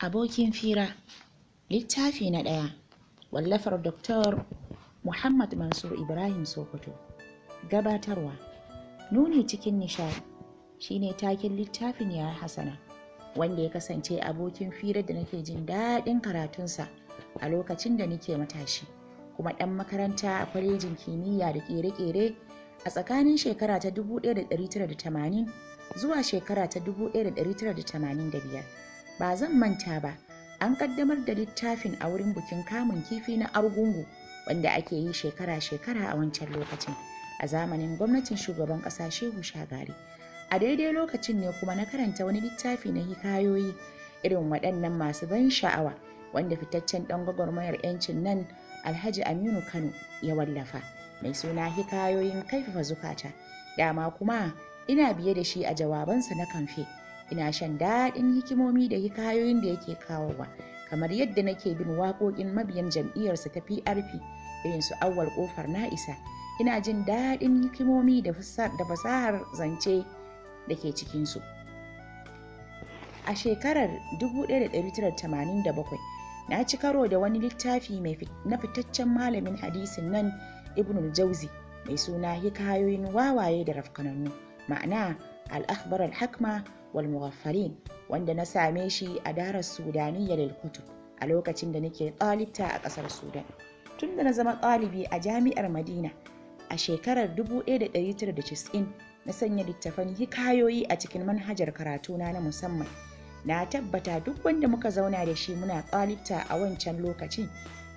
Abokin fira littafi na ɗaya wallafar Dr. Muhammad Mansur Ibrahim Sokoto gabatarwa nuni cikin nishadi shine takin littafin ya hasana wanda ya kasance abokin firar da nake jin daɗin karatunsa a lokacin da nake matashi kuma ɗan makaranta a kwalejin kimiyya da ƙere-ƙere a tsakanin shekara ta 1980 zuwa shekara ta 1985 ba zan manta ba an kaddamar da littafin a wurin bukin kamun kifi na argungu wanda ake yi shekara-shekara a wancan lokacin a zamanin gwamnatin shugaban ƙasa shehu shagari a daidai lokacin ne kuma na karanta wani littafi na hikayoyi irin waɗannan masu ban sha'awa wanda fitaccen ɗan gwagwarmayar 'yancin nan alhaji aminu kano ya wallafa mai suna hikayoyin kaifafa zukata dama kuma ina biye da shi a jawabansa na kamfe ina shan daɗin hikimomi da hikayoyin da yake kawowa kamar yadda nake bin waƙoƙin mabiyan jam'iyyarsa ta PRP irin su awwal ƙofar na'isa ina jin daɗin hikimomi da fasahar zance da ke cikinsu. A shekarar 1987 na ci karo da wani littafi na fitaccen malamin hadisin nan Ibnul Jauzi mai suna hikayoyin wawaye da rafkanannu ma'ana al'akhbar al-hakma wal mughaffarin wanda na same shi a darar sudaniyya lil kutub a lokacin da nake ɗalibta a ƙasar sudan tun da na zama ɗalibi a jami'ar madina a shekarar 1990 na sanya littafan hikayoyi a cikin manhajar karatuna na musamman na tabbata duk wanda muka zauna da shi muna ɗalibta a wancan lokacin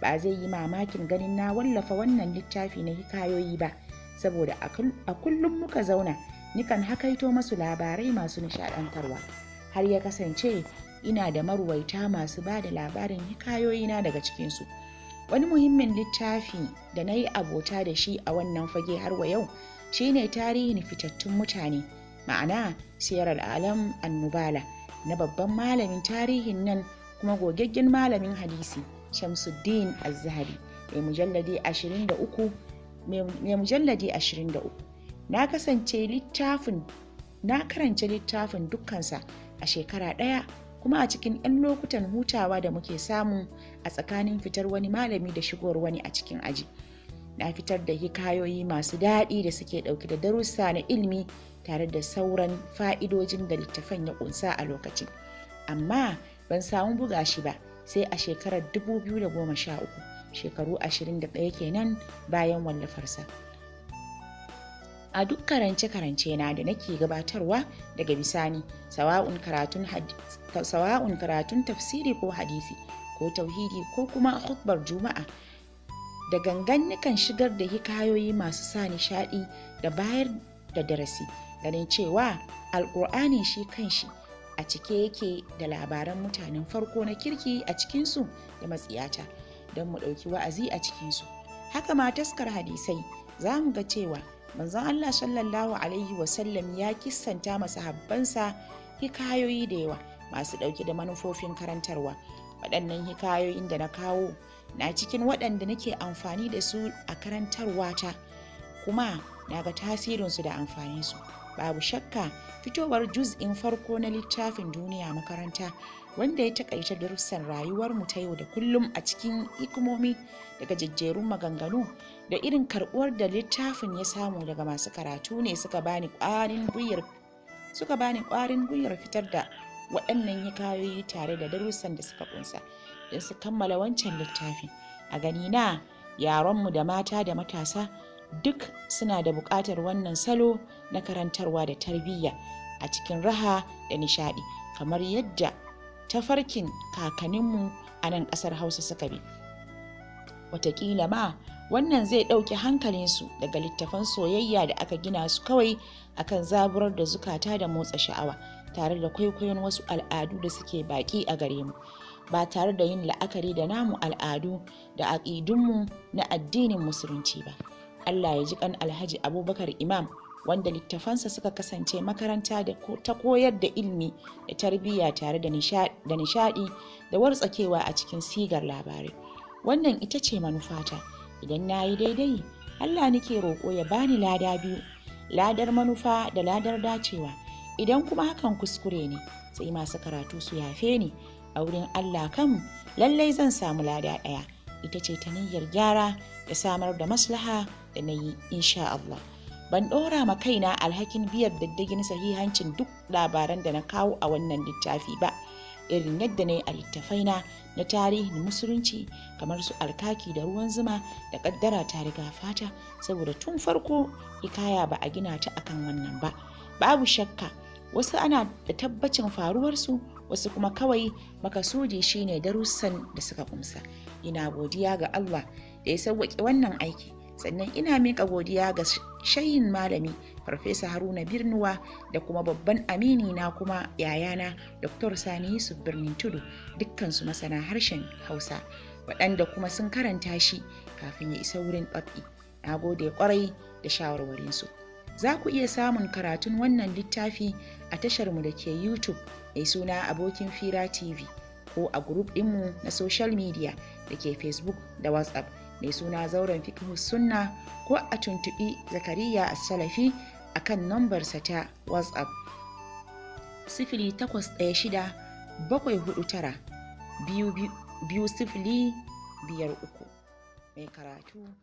ba zai yi mamakin ganin na wallafa wannan littafi na hikayoyi ba saboda a kullum muka zauna nikan hakaito masu labarai masu nishadantarwa har ya kasance ina da maruwaita masu ba da labarin hikayoyina daga cikinsu wani muhimmin littafi da na yi abota da shi a wannan fage har wa yau shine tarihin fitattun mutane ma'ana siyarar alam annubala na babban malamin tarihin nan kuma gogaggen malamin hadisi shamsuddin azhari mai mujalladi 23 na kasance littafin na karance littafin dukkansa a shekara ɗaya kuma a cikin 'yan lokutan hutawa da muke samu a tsakanin fitar wani malami da shigowar wani a cikin aji na fitar da hikayoyi masu daɗi da suke ɗauke da darussa na ilimi tare da sauran fa'idojin da littafan ya ƙunsa a lokacin amma ban samu buga shi ba sai a shekarar 2013 shekaru 21 kenan bayan wallafarsa. a duk karance-karance na da nake gabatarwa daga bisani sawa'un karatun, karatun tafsiri ko hadisi ko tauhidi ko kuma hukbar juma'a da gangan nikan shigar da hikayoyi masu sa nishadi da bayar da darasi ganin cewa alkur'ani shi kanshi a cike yake da labaran mutanen farko na kirki a cikinsu da matsiyata don mu ɗauki wa'azi a cikinsu haka ma taskar hadisai za mu ga cewa manzon Allah sallallahu alaihi wasallam ya kissanta masahabbansa hikayoyi da yawa masu ɗauke da manufofin karantarwa waɗannan hikayoyin da na kawo na cikin waɗanda nake amfani da su a karantarwa ta kuma na ga tasirinsu da amfani su. babu shakka fitowar juz'in farko na littafin duniya makaranta wanda ya takaita darussan rayuwarmu ta yau da kullum a cikin hikimomi daga jajjerun maganganu da irin karbuwar da littafin ya samu daga masu karatu ne suka bani kwarin gwiwar gwiwar fitar da waɗannan hikayoyi tare da darussan da suka kunsa don su kammala wancan littafin a gani na yaronmu da mata da matasa duk suna da buƙatar wannan salo na karantarwa da tarbiyya a cikin raha da nishaɗi kamar yadda tafarkin kakanninmu a nan ƙasar hausa suka bi Wataƙila ma wannan zai ɗauki hankalinsu daga littafan soyayya da aka gina su kawai akan zaburar da zukata da motsa sha'awa tare da kwaikwayon wasu al'adu da suke baƙi a gare mu ba tare da yin la'akari da namu al'adu da aƙidunmu na addinin musulunci ba allah ya ji ƙan alhaji abubakar imam wanda littafansa suka kasance makaranta ta koyar da ilmi da tarbiyya tare da nishadi da wartsakewa a cikin sigar labarai wannan ita ce manufata idan na yi daidai allah nake roƙo ya bani lada biyu ladar manufa da ladar dacewa idan kuma hakan kuskure ne sai masu karatu su yafe ni a wurin allah kam lallai zan samu lada ɗaya ita ce ta niyyar gyara da samar da maslaha da na yi insha allah ban ɗora ma kaina alhakin biyar daddagin sahihancin duk labaran da na kawo a wannan littafi ba irin yadda na yi a littafaina na tarihin musulunci kamar su alkaki da ruwan zuma da kaddara ta riga fata saboda tun farko hikaya ba a gina ta akan wannan ba babu shakka wasu ana da tabbacin faruwarsu wasu kuma kawai makasudi shine darussan da suka kumsa ina godiya ga allah da ya sauwaƙe wannan aiki sannan ina miƙa godiya ga shayin malami farfesa haruna birnuwa da kuma babban amini na kuma yayana dr sani yusuf birnin tudu dukkansu masana harshen hausa waɗanda kuma sun karanta shi kafin ya isa wurin ɓaɓɓi na gode ƙwarai da shawarwarinsu za ku iya samun karatun wannan littafi a tasharmu da ke youtube mai suna abokin fira tv ko a gurub ɗinmu na social media da ke facebook da whatsapp mai suna zauren fikihu sunna ko a tuntubi zakariya a salafi a kan nambarsa ta whatsapp sifili takwas ɗaya shida bakwai hudu tara biyu sifili biyar uku karatu